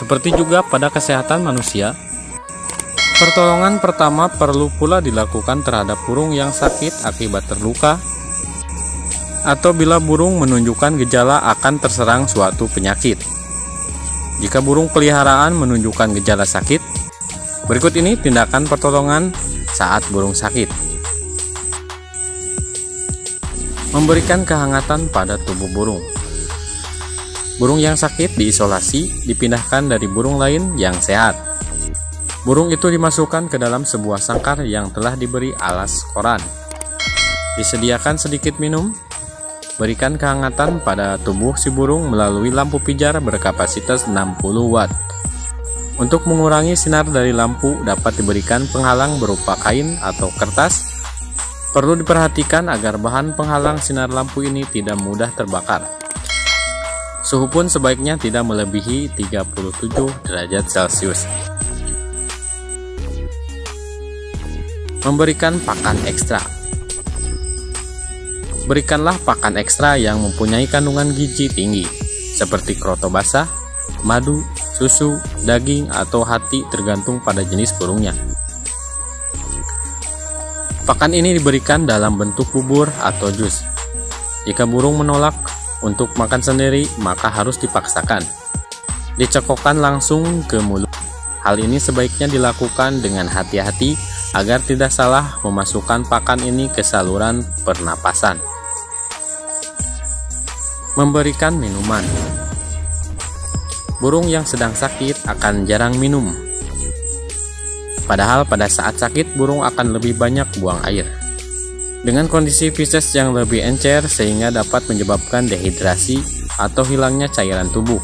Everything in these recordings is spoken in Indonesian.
Seperti juga pada kesehatan manusia, pertolongan pertama perlu pula dilakukan terhadap burung yang sakit akibat terluka atau bila burung menunjukkan gejala akan terserang suatu penyakit. Jika burung peliharaan menunjukkan gejala sakit, berikut ini tindakan pertolongan saat burung sakit memberikan kehangatan pada tubuh burung. Burung yang sakit diisolasi, dipindahkan dari burung lain yang sehat. Burung itu dimasukkan ke dalam sebuah sangkar yang telah diberi alas koran. Disediakan sedikit minum, berikan kehangatan pada tubuh si burung melalui lampu pijar berkapasitas 60 watt. Untuk mengurangi sinar dari lampu dapat diberikan penghalang berupa kain atau kertas Perlu diperhatikan agar bahan penghalang sinar lampu ini tidak mudah terbakar. Suhu pun sebaiknya tidak melebihi 37 derajat Celcius. Memberikan pakan ekstra Berikanlah pakan ekstra yang mempunyai kandungan gizi tinggi, seperti kroto basah, madu, susu, daging, atau hati tergantung pada jenis burungnya. Pakan ini diberikan dalam bentuk bubur atau jus. Jika burung menolak, untuk makan sendiri, maka harus dipaksakan. Dicekokkan langsung ke mulut. Hal ini sebaiknya dilakukan dengan hati-hati agar tidak salah memasukkan pakan ini ke saluran pernapasan. Memberikan minuman. Burung yang sedang sakit akan jarang minum. Padahal pada saat sakit burung akan lebih banyak buang air dengan kondisi Pisces yang lebih encer sehingga dapat menyebabkan dehidrasi atau hilangnya cairan tubuh.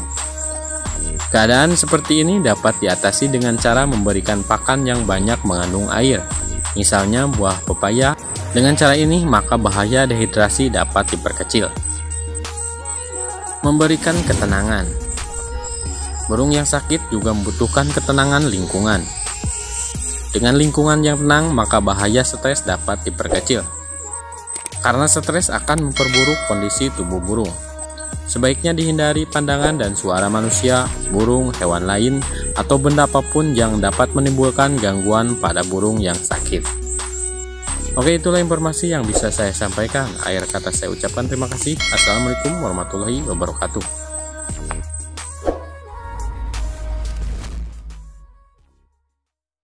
Keadaan seperti ini dapat diatasi dengan cara memberikan pakan yang banyak mengandung air, misalnya buah pepaya. Dengan cara ini, maka bahaya dehidrasi dapat diperkecil. Memberikan ketenangan Burung yang sakit juga membutuhkan ketenangan lingkungan. Dengan lingkungan yang tenang, maka bahaya stres dapat diperkecil karena stres akan memperburuk kondisi tubuh burung. Sebaiknya dihindari pandangan dan suara manusia, burung, hewan lain, atau benda apapun yang dapat menimbulkan gangguan pada burung yang sakit. Oke, itulah informasi yang bisa saya sampaikan. Akhir kata saya ucapkan terima kasih. Assalamualaikum warahmatullahi wabarakatuh.